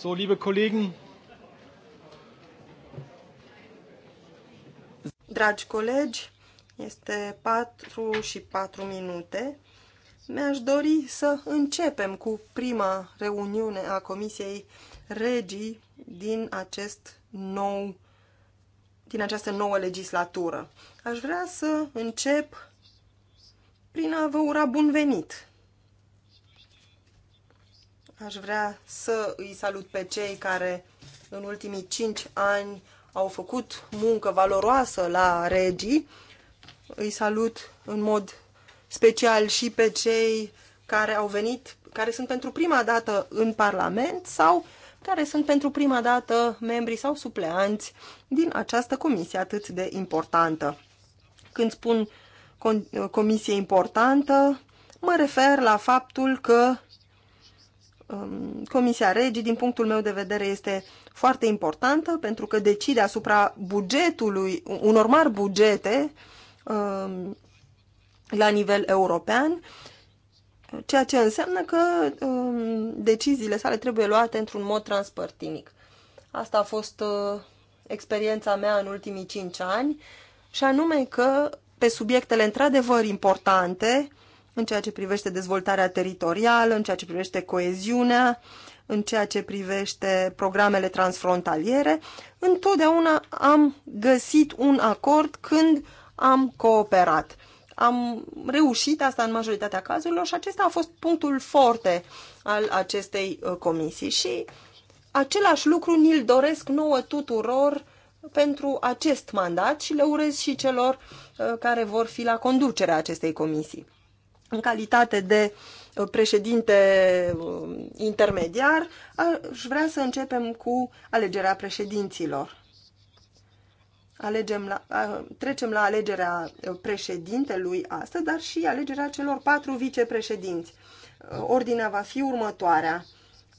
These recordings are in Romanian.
So, liebe Kollegen. Dragi colegi, este 4 și 4 minute. Mi-aș dori să începem cu prima reuniune a Comisiei Regii din acest nou din această nouă legislatură. Aș vrea să încep prin a vă ura bun venit Aș vrea să îi salut pe cei care în ultimii cinci ani au făcut muncă valoroasă la regii. Îi salut în mod special și pe cei care au venit, care sunt pentru prima dată în Parlament sau care sunt pentru prima dată membri sau supleanți din această comisie atât de importantă. Când spun comisie importantă, mă refer la faptul că Um, Comisia Regii, din punctul meu de vedere, este foarte importantă pentru că decide asupra bugetului, unor mari bugete um, la nivel european, ceea ce înseamnă că um, deciziile sale trebuie luate într-un mod transpărtinic. Asta a fost uh, experiența mea în ultimii cinci ani și anume că pe subiectele într-adevăr importante, în ceea ce privește dezvoltarea teritorială, în ceea ce privește coeziunea, în ceea ce privește programele transfrontaliere, întotdeauna am găsit un acord când am cooperat. Am reușit asta în majoritatea cazurilor și acesta a fost punctul forte al acestei uh, comisii și același lucru ni-l doresc nouă tuturor pentru acest mandat și le urez și celor uh, care vor fi la conducerea acestei comisii. În calitate de uh, președinte uh, intermediar, aș vrea să începem cu alegerea președinților. Alegem la, trecem la alegerea uh, președintelui astăzi, dar și alegerea celor patru vicepreședinți. Ordinea va fi următoarea.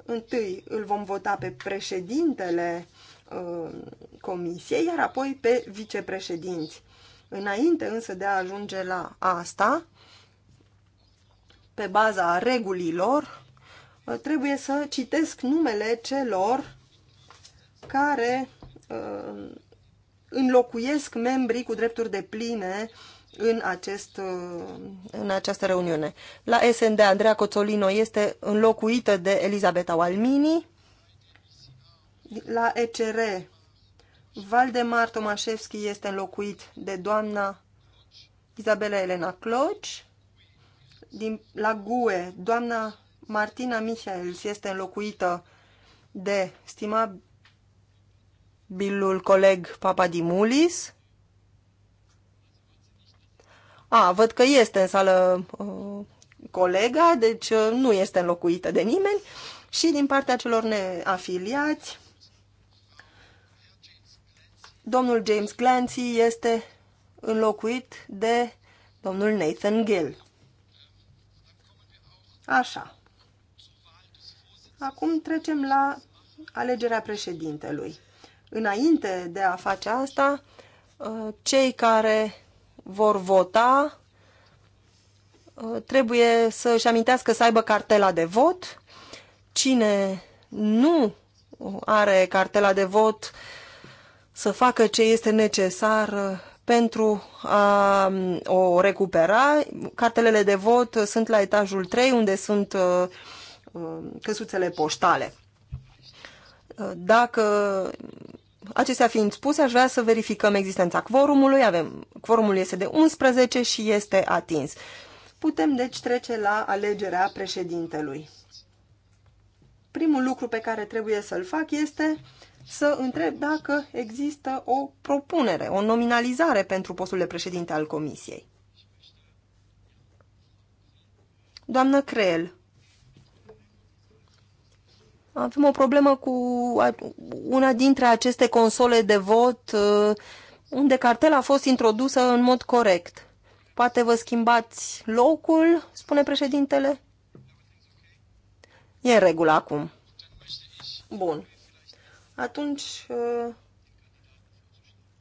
Întâi îl vom vota pe președintele comisiei, iar apoi pe vicepreședinți. Înainte însă de a ajunge la asta, pe baza regulilor, uh, trebuie să citesc numele celor care uh, înlocuiesc membrii cu drepturi de pline în, acest, uh, în această reuniune. La SND, Andreea Coțolino este înlocuită de Elizabeta Walmini. La ECR, Valdemar Tomașevski este înlocuit de doamna Izabela Elena Cloci din, la GUE, doamna Martina Michaels este înlocuită de stimabilul coleg Papadimulis. A, văd că este în sală uh, colega, deci uh, nu este înlocuită de nimeni. Și din partea celor neafiliați, domnul James Clancy este înlocuit de domnul Nathan Gill. Așa. Acum trecem la alegerea președintelui. Înainte de a face asta, uh, cei care vor vota uh, trebuie să-și amintească să aibă cartela de vot. Cine nu are cartela de vot, să facă ce este necesar uh, pentru a o recupera. Cartelele de vot sunt la etajul 3, unde sunt uh, uh, căsuțele poștale. Uh, dacă acestea fiind spuse, aș vrea să verificăm existența quorumului. Avem, quorumul este de 11 și este atins. Putem deci trece la alegerea președintelui. Primul lucru pe care trebuie să-l fac este să întreb dacă există o propunere, o nominalizare pentru postul de președinte al Comisiei. Doamnă Creel, avem o problemă cu una dintre aceste console de vot uh, unde cartela a fost introdusă în mod corect. Poate vă schimbați locul, spune președintele? E în regulă acum. Bun atunci uh,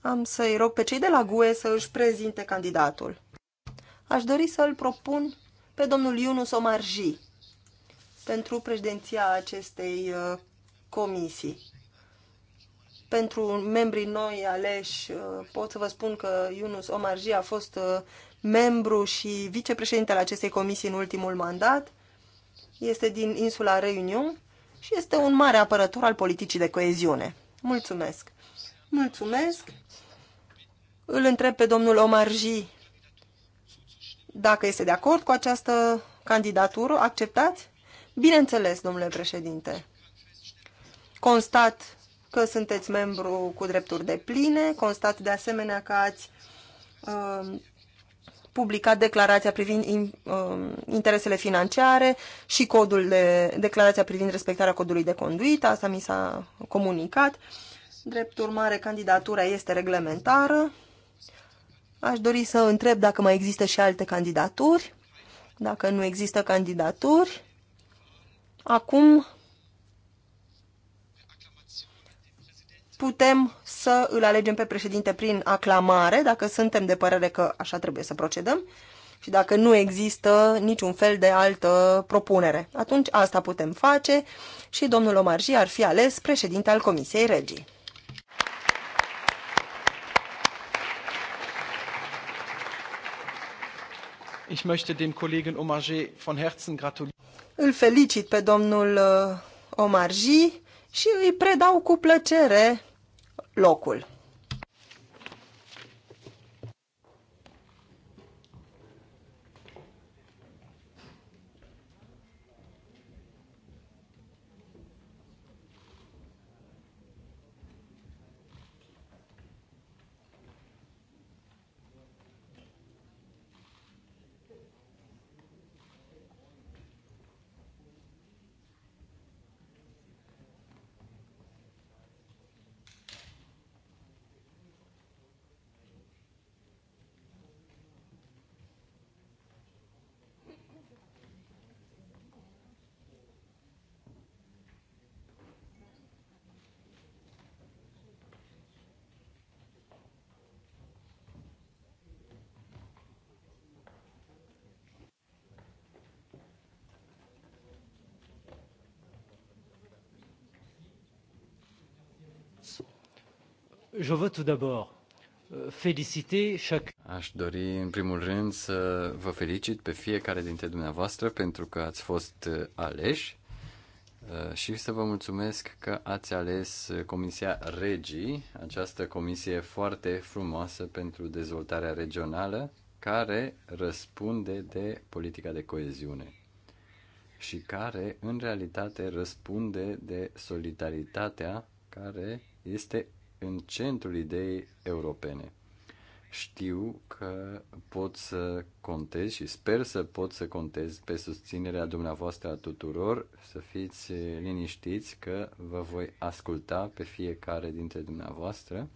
am să-i rog pe cei de la GUE să își prezinte candidatul. Aș dori să-l propun pe domnul Iunus Omarji pentru președinția acestei uh, comisii. Pentru membrii noi aleși uh, pot să vă spun că Iunus Omarji a fost membru și vicepreședintele acestei comisii în ultimul mandat. Este din insula Reunion și este un mare apărător al politicii de coeziune. Mulțumesc! Mulțumesc! Îl întreb pe domnul Omarji dacă este de acord cu această candidatură. Acceptați? Bineînțeles, domnule președinte. Constat că sunteți membru cu drepturi de pline, constat de asemenea că ați uh, publicat declarația privind in, uh, interesele financiare și codul de declarația privind respectarea codului de conduită, asta mi s-a comunicat. Drept urmare, candidatura este reglementară. Aș dori să întreb dacă mai există și alte candidaturi. Dacă nu există candidaturi, acum putem să îl alegem pe președinte prin aclamare, dacă suntem de părere că așa trebuie să procedăm și dacă nu există niciun fel de altă propunere. Atunci asta putem face și domnul Omarji ar fi ales președinte al Comisiei Regii. Ich möchte dem Kollegen Omarjee von Herzen gratulieren. Îl felicit pe domnul uh, Omarji și îi predau cu plăcere locul. Je veux tout d'abord euh, féliciter chaque... Aș dori, în primul rând, să vă felicit pe fiecare dintre dumneavoastră pentru că ați fost uh, aleși uh, și să vă mulțumesc că ați ales uh, Comisia Regii, această comisie foarte frumoasă pentru dezvoltarea regională, care răspunde de politica de coeziune și care, în realitate, răspunde de solidaritatea care este în centrul ideii europene. Știu că pot să contez și sper să pot să contez pe susținerea dumneavoastră a tuturor, să fiți eh, liniștiți că vă voi asculta pe fiecare dintre dumneavoastră.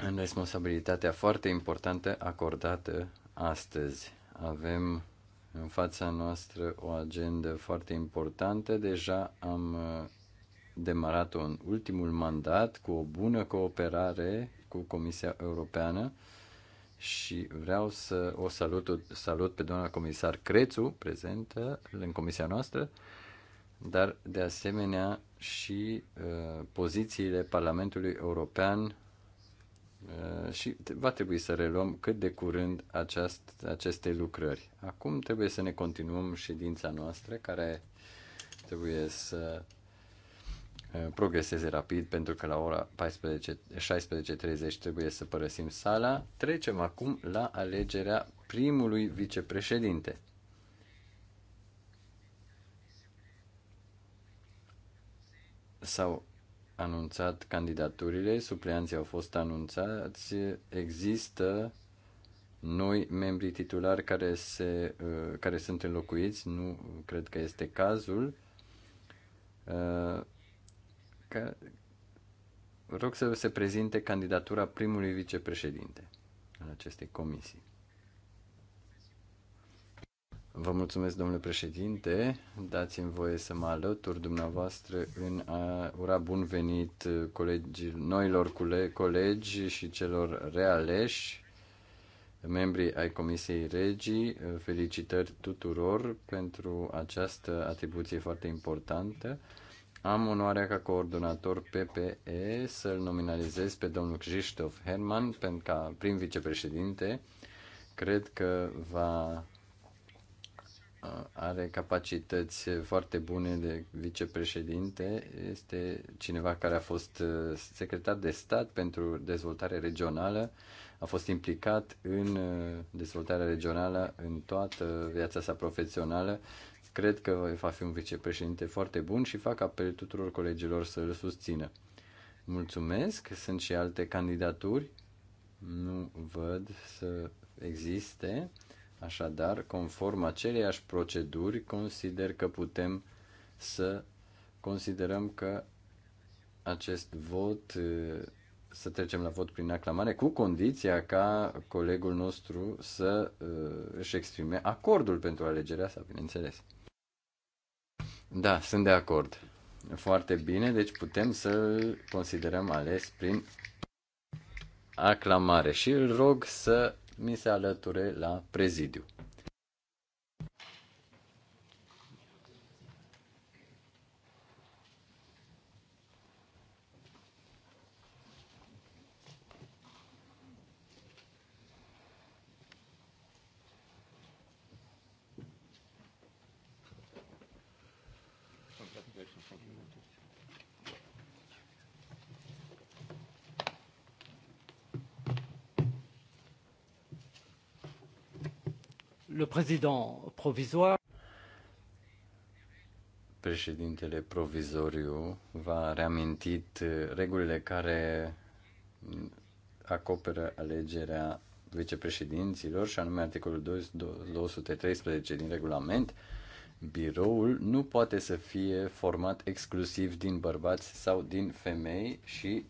în responsabilitatea foarte importantă acordată astăzi. Avem în fața noastră o agendă foarte importantă. Deja am uh, demarat-o în ultimul mandat cu o bună cooperare cu Comisia Europeană și vreau să o salut, salut pe doamna comisar Crețu, prezentă în comisia noastră, dar de asemenea și uh, pozițiile Parlamentului European Eh, și va trebui să reluăm cât de curând aceast, aceste lucrări. Acum trebuie să ne continuăm ședința noastră, care trebuie să eh, progreseze rapid pentru că la ora 16.30 trebuie să părăsim sala. Trecem acum la alegerea primului vicepreședinte. sau anunțat candidaturile, supleanții au fost anunțați, există noi membri titulari care, se, uh, care sunt înlocuiți, nu cred că este cazul. Uh, că, rog să se prezinte candidatura primului vicepreședinte al acestei comisii. Vă mulțumesc, domnule președinte. Dați-mi voie să mă alătur dumneavoastră în a ura bun venit colegii, noilor colegi și celor realeși, membrii ai Comisiei Regii. Felicitări tuturor pentru această atribuție foarte importantă. Am onoarea ca coordonator PPE să-l nominalizez pe domnul Christoph Herman pentru ca prim vicepreședinte. Cred că va are capacități foarte bune de vicepreședinte, este cineva care a fost uh, secretar de stat pentru dezvoltare regională, a fost implicat în uh, dezvoltarea regională în toată viața sa profesională. Cred că va fi un vicepreședinte foarte bun și fac apel tuturor colegilor să îl susțină. Mulțumesc, sunt și alte candidaturi. Nu văd să existe. Așadar, conform aceleiași proceduri, consider că putem să considerăm că acest vot, să trecem la vot prin aclamare, cu condiția ca colegul nostru să își exprime acordul pentru alegerea sa, bineînțeles. Da, sunt de acord. Foarte bine, deci putem să considerăm ales prin aclamare și îl rog să mi se alăture la prezidiu. le président Președintele provizoriu v-a reamintit regulile care acoperă alegerea vicepreședinților și anume articolul 213 din regulament, biroul nu poate să fie format exclusiv din bărbați sau din femei și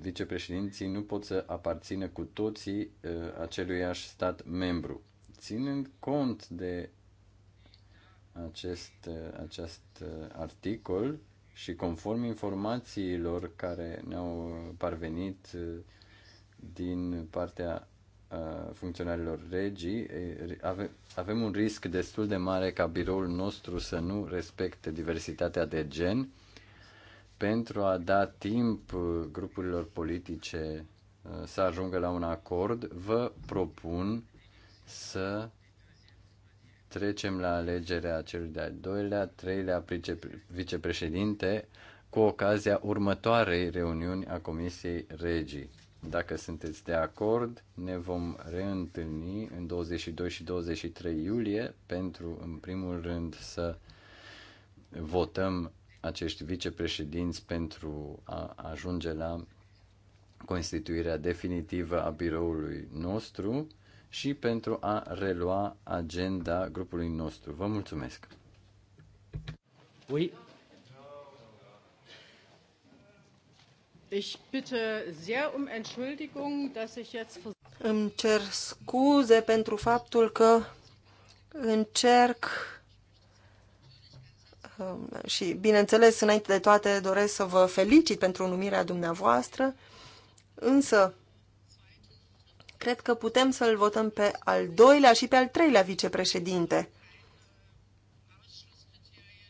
vicepreședinții nu pot să aparțină cu toții uh, aceluiași stat membru. Ținând cont de acest, uh, acest uh, articol și conform informațiilor care ne-au parvenit din partea funcționarilor regii, avem un risc destul de mare ca biroul nostru să nu respecte diversitatea de gen pentru a da timp uh, grupurilor politice uh, să ajungă la un acord, vă propun să trecem la alegerea celui de-al doilea, treilea vicepreședinte cu ocazia următoarei reuniuni a Comisiei Regii. Dacă sunteți de acord, ne vom reîntâlni în 22 și 23 iulie pentru, în primul rând, să votăm acești vicepreședinți pentru a ajunge la constituirea definitivă a biroului nostru și pentru a relua agenda grupului nostru. Vă mulțumesc! Oui. Ich bitte sehr um Entschuldigung, dass ich jetzt Îmi cer scuze pentru faptul că încerc Um, și, bineînțeles, înainte de toate, doresc să vă felicit pentru numirea dumneavoastră, însă cred că putem să-l votăm pe al doilea și pe al treilea vicepreședinte,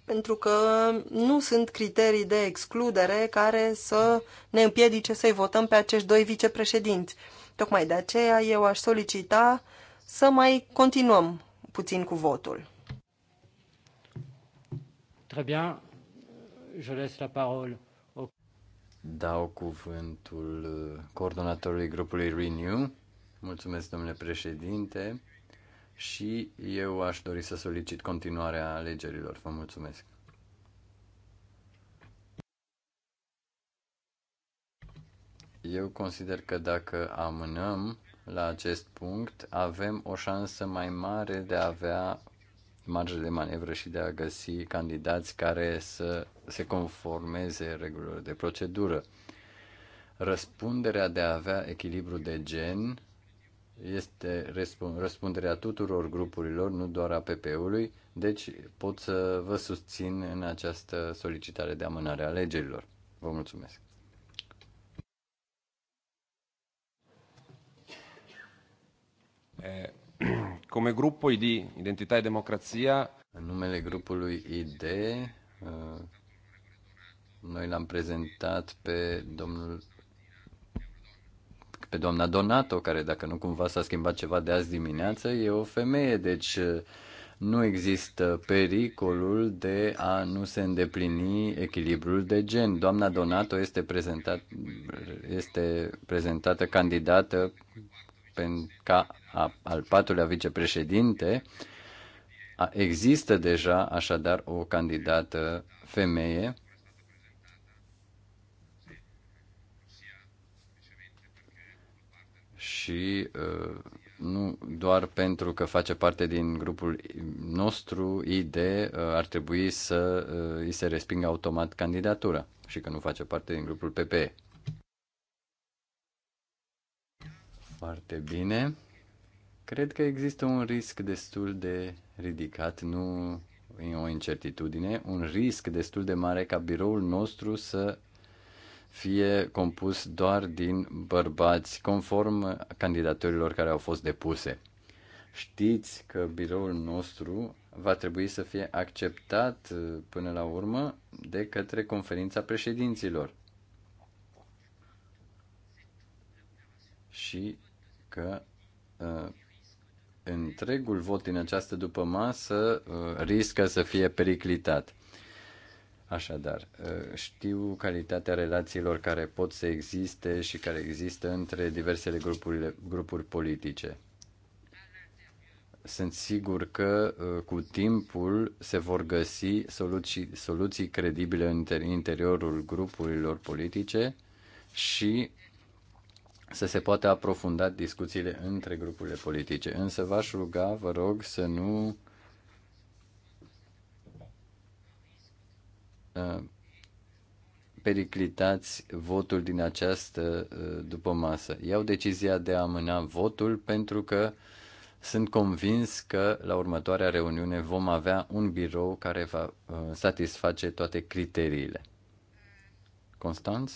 pentru că nu sunt criterii de excludere care să ne împiedice să-i votăm pe acești doi vicepreședinți. Tocmai de aceea eu aș solicita să mai continuăm puțin cu votul. Très bien. Je laisse la parole au... Dau cuvântul uh, coordonatorului grupului Renew. Mulțumesc, domnule președinte. Și eu aș dori să solicit continuarea alegerilor. Vă mulțumesc. Eu consider că dacă amânăm la acest punct, avem o șansă mai mare de a avea marjă de manevră și de a găsi candidați care să se conformeze regulilor de procedură. Răspunderea de a avea echilibru de gen este răspunderea tuturor grupurilor, nu doar a PP-ului, deci pot să vă susțin în această solicitare de amânare a alegerilor. Vă mulțumesc! Eh, Come gruppo ID, Identità e Democrazia. În numele grupului ID, uh, noi l-am prezentat pe domnul pe doamna Donato, care dacă nu cumva s-a schimbat ceva de azi dimineață, e o femeie, deci uh, nu există pericolul de a nu se îndeplini echilibrul de gen. Doamna Donato este, prezentat, este prezentată candidată ca al patrulea vicepreședinte, există deja așadar o candidată femeie și ă, nu doar pentru că face parte din grupul nostru, ID, ă, ar trebui să ă, îi se respingă automat candidatura și că nu face parte din grupul PPE. Foarte bine. Cred că există un risc destul de ridicat, nu e o incertitudine, un risc destul de mare ca biroul nostru să fie compus doar din bărbați, conform candidatorilor care au fost depuse. Știți că biroul nostru va trebui să fie acceptat până la urmă de către conferința președinților. și că uh, întregul vot din această după masă uh, riscă să fie periclitat. Așadar, uh, știu calitatea relațiilor care pot să existe și care există între diversele grupurile, grupuri politice. Sunt sigur că uh, cu timpul se vor găsi soluții, soluții credibile în interiorul grupurilor politice și să se poată aprofunda discuțiile între grupurile politice. Însă v-aș ruga, vă rog, să nu ă, periclitați votul din această ă, după masă. Iau decizia de a amâna votul pentru că sunt convins că la următoarea reuniune vom avea un birou care va ă, satisface toate criteriile. Constanț?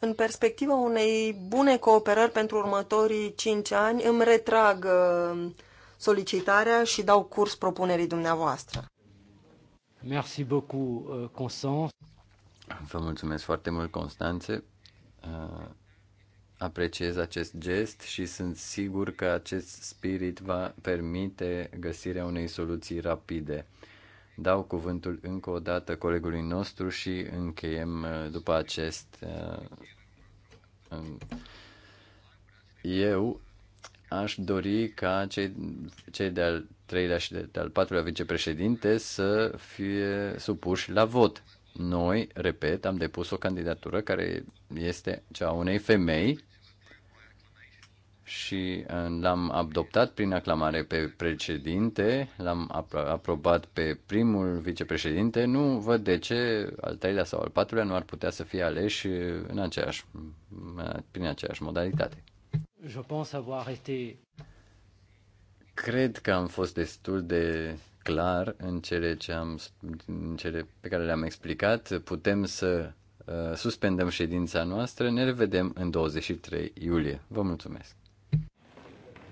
În perspectiva unei bune cooperări pentru următorii cinci ani, îmi retrag uh, solicitarea și dau curs propunerii dumneavoastră. Merci beaucoup, uh, Constance. Vă mulțumesc foarte mult, Constanțe. Uh, apreciez acest gest și sunt sigur că acest spirit va permite găsirea unei soluții rapide Dau cuvântul încă o dată colegului nostru și încheiem uh, după acest. Uh, Eu aș dori ca cei, cei de-al treilea și de-al patrulea vicepreședinte să fie supuși la vot. Noi, repet, am depus o candidatură care este cea unei femei și uh, l-am adoptat prin aclamare pe președinte, l-am aprobat pe primul vicepreședinte. Nu văd de ce al treilea sau al patrulea nu ar putea să fie aleși uh, în aceeași, uh, prin aceeași modalitate. Je pense avoir été... Cred că am fost destul de clar în cele, ce am, în cele pe care le-am explicat. Putem să uh, suspendăm ședința noastră. Ne revedem în 23 iulie. Vă mulțumesc!